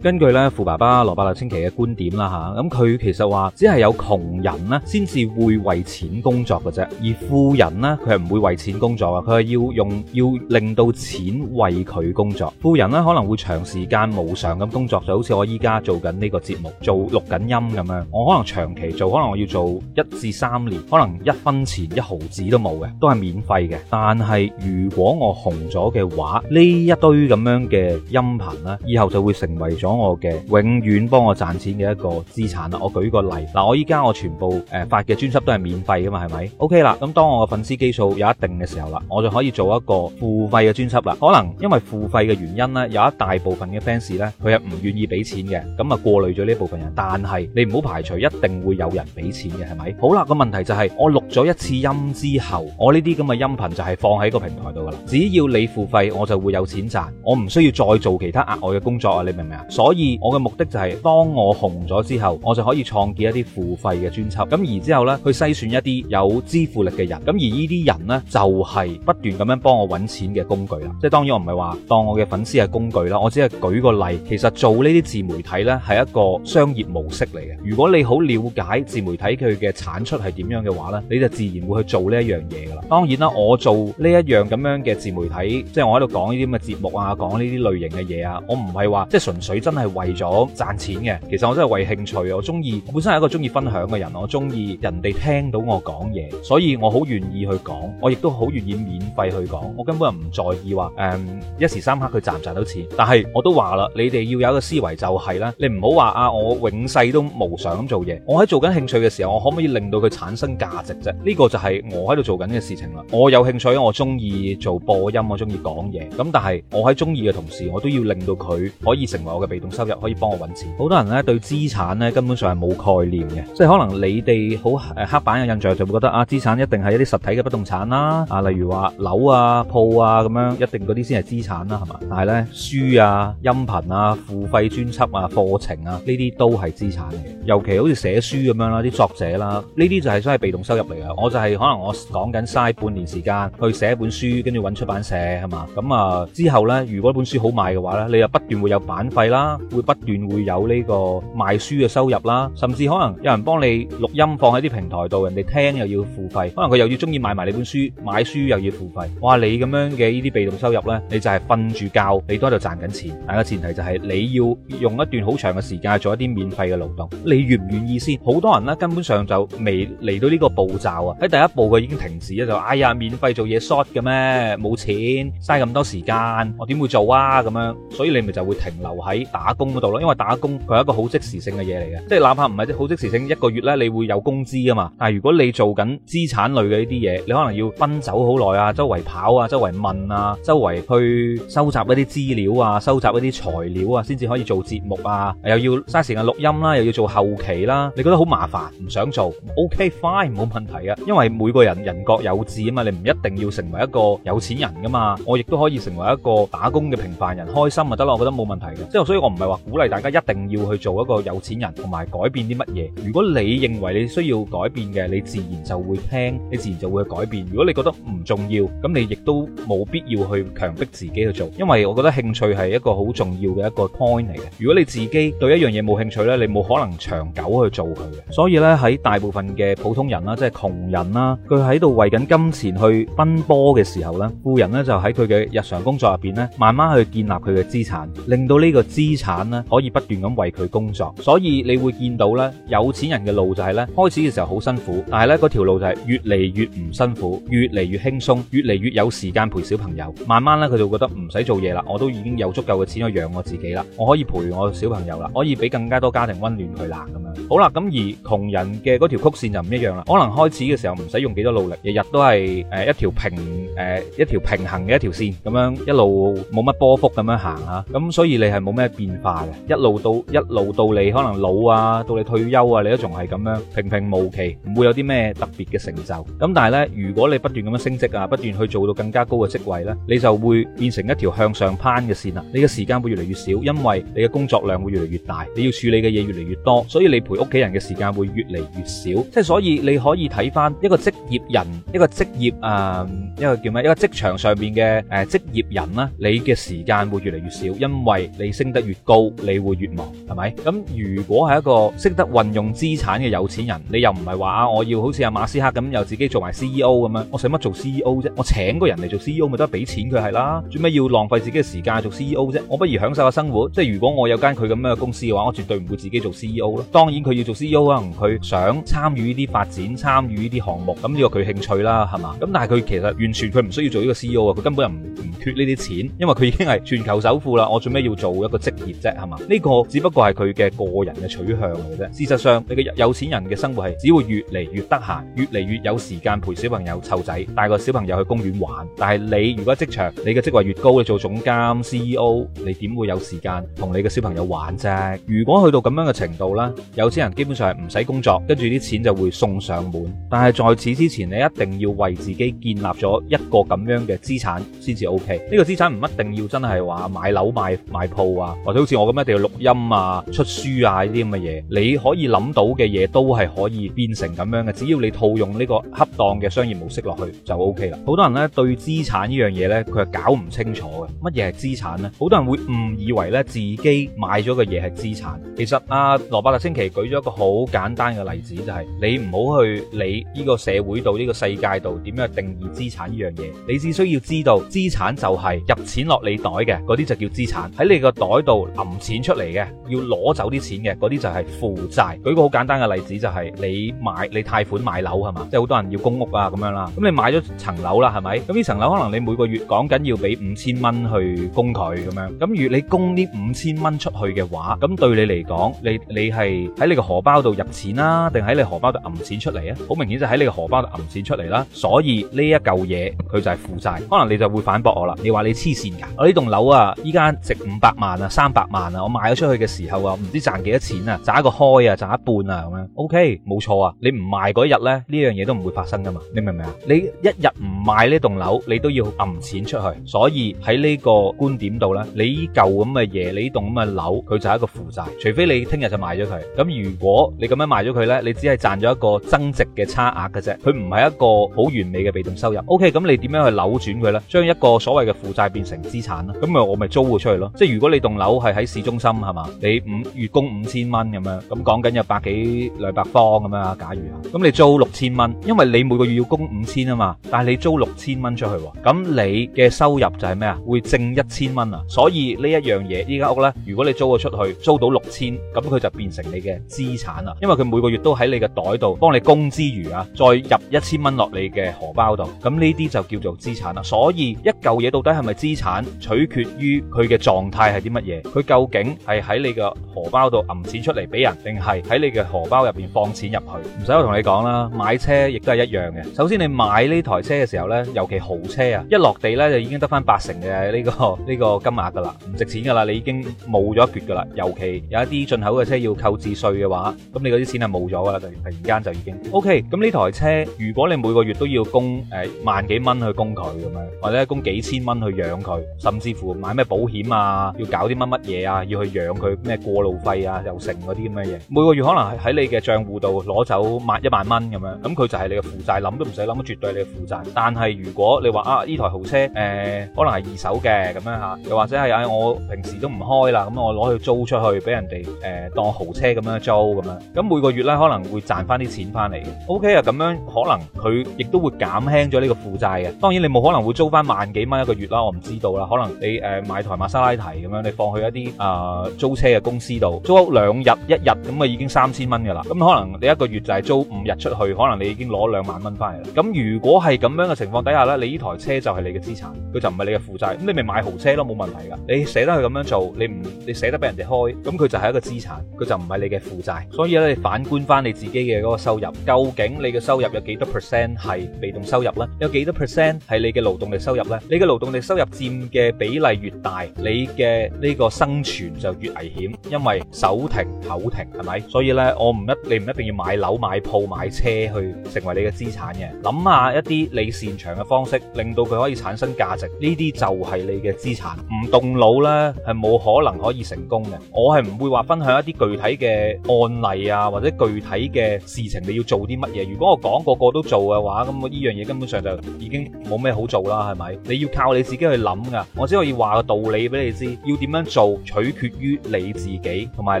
根據咧富爸爸羅伯特清奇嘅觀點啦嚇，咁、啊、佢其實話只係有窮人咧先至會為錢工作嘅啫，而富人呢，佢係唔會為錢工作嘅，佢係要用要令到錢為佢工作。富人呢，可能會長時間無償咁工作，就好似我依家做緊呢個節目，做錄緊音咁樣，我可能長期做，可能我要做一至三年，可能一分錢一毫子都冇嘅，都係免費嘅。但係如果我紅咗嘅話，呢一堆咁樣嘅音頻呢，以後就會成為咗。講我嘅永遠幫我賺錢嘅一個資產啦，我舉個例，嗱，我依家我全部誒、呃、發嘅專輯都係免費噶嘛，係咪？OK 啦，咁當我嘅粉絲基數有一定嘅時候啦，我就可以做一個付費嘅專輯啦。可能因為付費嘅原因呢，有一大部分嘅 fans 呢，佢係唔願意俾錢嘅，咁啊，過濾咗呢部分人。但係你唔好排除，一定會有人俾錢嘅，係咪？好啦，個問題就係、是、我錄咗一次音之後，我呢啲咁嘅音頻就係放喺個平台度噶啦。只要你付費，我就會有錢賺，我唔需要再做其他額外嘅工作啊，你明唔明啊？所以我嘅目的就係，當我紅咗之後，我就可以創建一啲付費嘅專輯，咁而之後呢，去篩選一啲有支付力嘅人，咁而呢啲人呢，就係不斷咁樣幫我揾錢嘅工具啦。即係當然我唔係話當我嘅粉絲係工具啦，我只係舉個例。其實做呢啲自媒體呢，係一個商業模式嚟嘅。如果你好了解自媒體佢嘅產出係點樣嘅話呢，你就自然會去做呢一樣嘢噶啦。當然啦，我做呢一樣咁樣嘅自媒體，即係我喺度講呢啲咁嘅節目啊，講呢啲類型嘅嘢啊，我唔係話即係純粹，真係為咗賺錢嘅，其實我真係為興趣。我中意，我本身係一個中意分享嘅人，我中意人哋聽到我講嘢，所以我好願意去講，我亦都好願意免費去講。我根本唔在意話誒、嗯、一時三刻佢賺唔賺到錢。但係我都話啦，你哋要有一個思維就係、是、啦，你唔好話啊，我永世都無想做嘢。我喺做緊興趣嘅時候，我可唔可以令到佢產生價值啫？呢、這個就係我喺度做緊嘅事情啦。我有興趣，我中意做播音，我，講，我中意講嘢。咁但係我喺中意嘅同時，我都要令到佢可以成為我嘅被動收入可以幫我搵錢，好多人咧對資產咧根本上係冇概念嘅，即係可能你哋好誒黑板嘅印象就會覺得啊，資產一定係一啲實體嘅不動產啦，啊，例如話樓啊、鋪啊咁樣，一定嗰啲先係資產啦，係嘛？但係呢，書啊、音頻啊、付費專輯啊、課程啊呢啲都係資產嚟嘅，尤其好似寫書咁樣啦，啲作者啦，呢啲就係真係被動收入嚟嘅。我就係、是、可能我講緊嘥半年時間去寫一本書，跟住揾出版社係嘛，咁啊之後呢，如果本書好賣嘅話呢，你又不斷會有版費啦。會不斷會有呢個賣書嘅收入啦，甚至可能有人幫你錄音，放喺啲平台度，人哋聽又要付費，可能佢又要中意買埋你本書，買書又要付費。哇，你咁樣嘅呢啲被動收入呢，你就係瞓住覺，你都喺度賺緊錢。但個前提就係你要用一段好長嘅時間做一啲免費嘅勞動，你願唔願意先？好多人咧根本上就未嚟到呢個步驟啊，喺第一步佢已經停止啦，就哎呀，免費做嘢 short 嘅咩？冇錢，嘥咁多時間，我點會做啊？咁樣，所以你咪就會停留喺打工嗰度咯，因為打工佢係一個好即時性嘅嘢嚟嘅，即係哪怕唔係啲好即時性，一個月咧你會有工資噶嘛。但係如果你做緊資產類嘅呢啲嘢，你可能要奔走好耐啊，周圍跑啊，周圍問啊，周圍去收集一啲資料啊，收集一啲材料啊，先至可以做節目啊，又要嘥時間錄音啦、啊，又要做後期啦、啊，你覺得好麻煩，唔想做？OK fine，冇問題啊，因為每個人人各有志啊嘛，你唔一定要成為一個有錢人噶嘛，我亦都可以成為一個打工嘅平凡人，開心就得啦，我覺得冇問題嘅，即係所以我。我唔係話鼓勵大家一定要去做一個有錢人，同埋改變啲乜嘢。如果你認為你需要改變嘅，你自然就會聽，你自然就會改變。如果你覺得唔重要，咁你亦都冇必要去強迫自己去做。因為我覺得興趣係一個好重要嘅一個 point 嚟嘅。如果你自己對一樣嘢冇興趣呢，你冇可能長久去做佢嘅。所以呢，喺大部分嘅普通人啦，即係窮人啦，佢喺度為緊金錢去奔波嘅時候呢，富人呢就喺佢嘅日常工作入邊呢，慢慢去建立佢嘅資產，令到呢個資資產啦，可以不斷咁為佢工作，所以你會見到咧，有錢人嘅路就係咧，開始嘅時候好辛苦，但係咧嗰條路就係越嚟越唔辛苦，越嚟越輕鬆，越嚟越有時間陪小朋友。慢慢咧，佢就覺得唔使做嘢啦，我都已經有足夠嘅錢去養我自己啦，我可以陪我小朋友啦，可以俾更加多家庭溫暖佢啦。好啦，咁而窮人嘅嗰條曲線就唔一樣啦。可能開始嘅時候唔使用幾多努力，日日都係誒一條平誒一條平行嘅一條線咁樣，一路冇乜波幅咁樣行吓。咁所以你係冇咩變化嘅，一路到一路到你可能老啊，到你退休啊，你都仲係咁樣平平無奇，唔會有啲咩特別嘅成就。咁但係呢，如果你不斷咁樣升職啊，不斷去做到更加高嘅職位呢，你就會變成一條向上攀嘅線啦。你嘅時間會越嚟越少，因為你嘅工作量會越嚟越大，你要處理嘅嘢越嚟越多，所以你。陪屋企人嘅時間會越嚟越少，即係所以你可以睇翻一個職業人，一個職業啊、呃，一個叫咩？一個職場上邊嘅誒職業人啦，你嘅時間會越嚟越少，因為你升得越高，你會越忙，係咪？咁如果係一個識得運用資產嘅有錢人，你又唔係話啊，我要好似阿馬斯克咁，又自己做埋 CEO 咁樣，我使乜做 CEO 啫？我請個人嚟做 CEO 咪得，俾錢佢係啦，做咩要浪費自己嘅時間做 CEO 啫？我不如享受下生活。即係如果我有間佢咁樣嘅公司嘅話，我絕對唔會自己做 CEO 咯。當然。佢要做 C E O，可能佢想參與呢啲發展，參與呢啲項目，咁呢個佢興趣啦，係嘛？咁但係佢其實完全佢唔需要做呢個 C E O 啊，佢根本又唔唔缺呢啲錢，因為佢已經係全球首富啦。我做咩要做一個職業啫？係嘛？呢個只不過係佢嘅個人嘅取向嚟啫。事實上，你嘅有錢人嘅生活係只會越嚟越得閒，越嚟越有時間陪小朋友湊仔，帶個小朋友去公園玩。但係你如果職場你嘅職位越高，你做總監、C E O，你點會有時間同你嘅小朋友玩啫？如果去到咁樣嘅程度呢？有錢人基本上係唔使工作，跟住啲錢就會送上門。但係在此之前，你一定要為自己建立咗一個咁樣嘅資產先至 OK。呢個資產唔一定要真係話買樓、買買鋪啊，或者好似我咁一定要錄音啊、出書啊呢啲咁嘅嘢。你可以諗到嘅嘢都係可以變成咁樣嘅，只要你套用呢個恰當嘅商業模式落去就 OK 啦。好多人呢對資產呢樣嘢呢，佢係搞唔清楚嘅。乜嘢係資產呢？好多人會誤以為呢自己買咗嘅嘢係資產。其實阿、啊、羅伯特清崎。舉咗一個好簡單嘅例子，就係、是、你唔好去理呢個社會度、呢、呢個世界度點樣定義資產呢樣嘢。你只需要知道資產就係入錢落你袋嘅，嗰啲就叫資產。喺你個袋度揞錢出嚟嘅，要攞走啲錢嘅，嗰啲就係負債。舉個好簡單嘅例子，就係、是、你買你貸款買樓係嘛，即係好多人要供屋啊咁樣啦。咁你買咗層樓啦，係咪？咁呢層樓可能你每個月講緊要俾五千蚊去供佢咁樣。咁如果你供呢五千蚊出去嘅話，咁對你嚟講，你你係喺你個荷包度入錢啦、啊，定喺你荷包度揞錢出嚟啊？好明顯就喺你個荷包度揞錢出嚟啦、啊，所以呢一嚿嘢佢就係負債。可能你就會反駁我啦，你話你黐線㗎？我、啊、呢棟樓啊，依家值五百萬啊，三百萬啊，我賣咗出去嘅時候啊，唔知賺幾多錢啊？賺一個開啊，賺一半啊咁樣。O K，冇錯啊，你唔賣嗰一日咧，呢樣嘢都唔會發生噶嘛。你明唔明啊？你一日唔賣呢棟樓，你都要揞錢出去，所以喺呢個觀點度咧，你依嚿咁嘅嘢，你呢棟咁嘅樓，佢就係一個負債，除非你聽日就賣咗佢。如果你咁樣賣咗佢呢，你只係賺咗一個增值嘅差額嘅啫，佢唔係一個好完美嘅被動收入。O K，咁你點樣去扭轉佢呢？將一個所謂嘅負債變成資產啦，咁咪我咪租佢出去咯。即係如果你棟樓係喺市中心係嘛，你五月供五千蚊咁樣，咁講緊有百幾兩百方咁樣啊。假如啊，咁你租六千蚊，因為你每個月要供五千啊嘛，但係你租六千蚊出去，咁你嘅收入就係咩啊？會剩一千蚊啊。所以呢一樣嘢呢間屋呢，如果你租咗出去，租到六千，咁佢就變成你嘅。資產啊，因為佢每個月都喺你嘅袋度幫你供之餘啊，再入一千蚊落你嘅荷包度，咁呢啲就叫做資產啦、啊。所以一舊嘢，到底係咪資產，取決於佢嘅狀態係啲乜嘢，佢究竟係喺你嘅荷包度揞錢出嚟俾人，定係喺你嘅荷包入邊放錢入去？唔使我同你講啦，買車亦都係一樣嘅。首先你買呢台車嘅時候呢，尤其豪車啊，一落地呢，就已經得翻八成嘅呢、呢個呢、呢個金額噶啦，唔值錢噶啦，你已經冇咗一橛噶啦。尤其有一啲進口嘅車要扣自稅。對嘅話，咁你嗰啲錢係冇咗噶啦，突然間就已經。OK，咁呢台車，如果你每個月都要供誒萬幾蚊去供佢咁樣，或者供幾千蚊去養佢，甚至乎買咩保險啊，要搞啲乜乜嘢啊，要去養佢咩過路費啊、油錢嗰啲咁嘅嘢，每個月可能喺你嘅賬戶度攞走萬一萬蚊咁樣，咁佢就係你嘅負債，諗都唔使諗，絕對係你嘅負債。但係如果你話啊呢台豪車誒可能係二手嘅咁樣吓，又或者係誒我平時都唔開啦，咁我攞去租出去俾人哋誒當豪車咁樣。租咁樣，咁每個月咧可能會賺翻啲錢翻嚟 O K 啊，咁、okay, 樣可能佢亦都會減輕咗呢個負債嘅。當然你冇可能會租翻萬幾蚊一個月啦，我唔知道啦。可能你誒、呃、買台瑪莎拉蒂咁樣，你放去一啲啊、呃、租車嘅公司度租兩日一日咁啊已經三千蚊噶啦。咁、嗯、可能你一個月就係租五日出去，可能你已經攞兩萬蚊翻嚟。咁、嗯、如果係咁樣嘅情況底下咧，你呢台車就係你嘅資產，佢就唔係你嘅負債。咁、嗯、你咪買豪車都冇問題噶。你捨得去咁樣做，你唔你捨得俾人哋開，咁佢就係一個資產，佢就唔係你嘅。負債，所以咧，你反觀翻你自己嘅嗰個收入，究竟你嘅收入有幾多 percent 係被動收入咧？有幾多 percent 係你嘅勞動力收入咧？你嘅勞動力收入佔嘅比例越大，你嘅呢個生存就越危險，因為手停口停係咪？所以咧，我唔一你唔一定要買樓買鋪買車去成為你嘅資產嘅，諗下一啲你擅長嘅方式，令到佢可以產生價值，呢啲就係你嘅資產。唔動腦咧，係冇可能可以成功嘅。我係唔會話分享一啲具體嘅案例啊，或者具體嘅事情你要做啲乜嘢？如果我講個個都做嘅話，咁我呢樣嘢根本上就已經冇咩好做啦，係咪？你要靠你自己去諗㗎，我只可以話個道理俾你知，要點樣做取決於你自己，同埋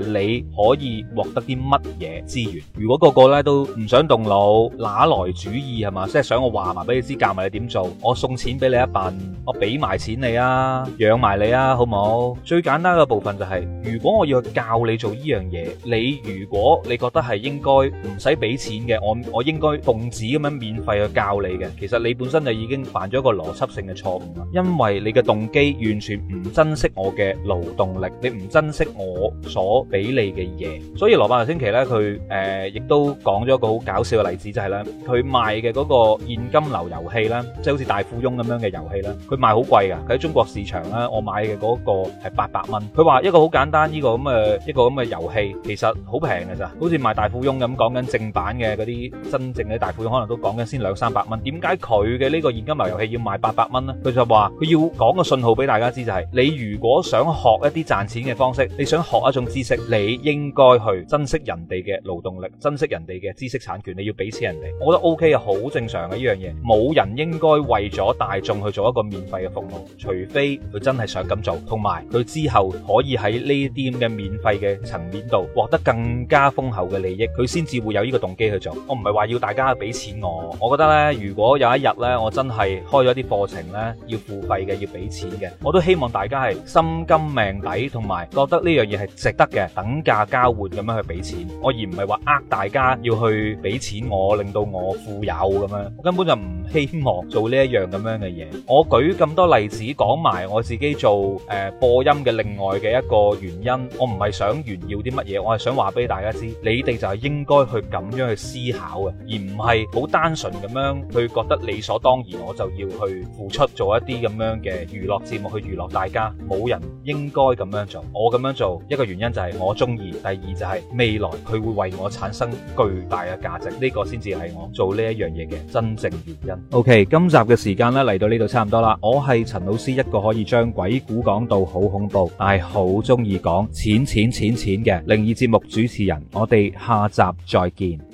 你可以獲得啲乜嘢資源。如果個個咧都唔想動腦，拿來主義，係嘛？即係想我話埋俾你知，教埋你點做，我送錢俾你一笨，我俾埋錢你啊，養埋你啊，好唔好？最簡單嘅部分就係、是，如果我要去教你做呢樣嘢，你如果你覺得係應該唔使俾錢嘅，我我應該奉旨咁樣免費去教你嘅，其實你本身就已經犯咗一個邏輯性嘅錯誤啦，因為你嘅動機完全唔珍惜我嘅勞動力，你唔珍惜我所俾你嘅嘢，所以羅伯特·清崎咧佢誒亦都講咗一個好搞笑嘅例子，就係咧佢賣嘅嗰個現金流遊戲啦，即係好似大富翁咁樣嘅遊戲啦，佢賣好貴噶，佢喺中國市場咧，我買嘅嗰個係八百蚊。佢話一個好簡單呢個咁嘅一個咁嘅遊戲，其實。好平嘅咋，好似賣大富翁咁講緊正版嘅嗰啲真正嘅大富翁，可能都講緊先兩三百蚊，點解佢嘅呢個現金流遊戲要賣八百蚊呢？佢就話佢要講個信號俾大家知，就係、是、你如果想學一啲賺錢嘅方式，你想學一種知識，你應該去珍惜人哋嘅勞動力，珍惜人哋嘅知識產權，你要俾錢人哋。我覺得 O K 啊，好正常嘅呢樣嘢，冇人應該為咗大眾去做一個免費嘅服務，除非佢真係想咁做，同埋佢之後可以喺呢啲咁嘅免費嘅層面度獲得。更加豐厚嘅利益，佢先至會有呢個動機去做。我唔係話要大家俾錢我，我覺得咧，如果有一日咧，我真係開咗啲課程咧，要付費嘅，要俾錢嘅，我都希望大家係心甘命抵，同埋覺得呢樣嘢係值得嘅，等價交換咁樣去俾錢，我而唔係話呃大家要去俾錢我，令到我富有咁樣，我根本就唔希望做呢一樣咁樣嘅嘢。我舉咁多例子講埋我自己做誒、呃、播音嘅另外嘅一個原因，我唔係想炫耀啲乜嘢，我係想。想話俾大家知，你哋就係應該去咁樣去思考嘅，而唔係好單純咁樣去覺得理所當然，我就要去付出做一啲咁樣嘅娛樂節目去娛樂大家。冇人應該咁樣做，我咁樣做一個原因就係我中意，第二就係未來佢會為我產生巨大嘅價值，呢個先至係我做呢一樣嘢嘅真正原因。OK，今集嘅時間咧，嚟到呢度差唔多啦。我係陳老師，一個可以將鬼故講到好恐怖，但係好中意講錢錢錢錢嘅靈異節目主持人，我哋下集再見。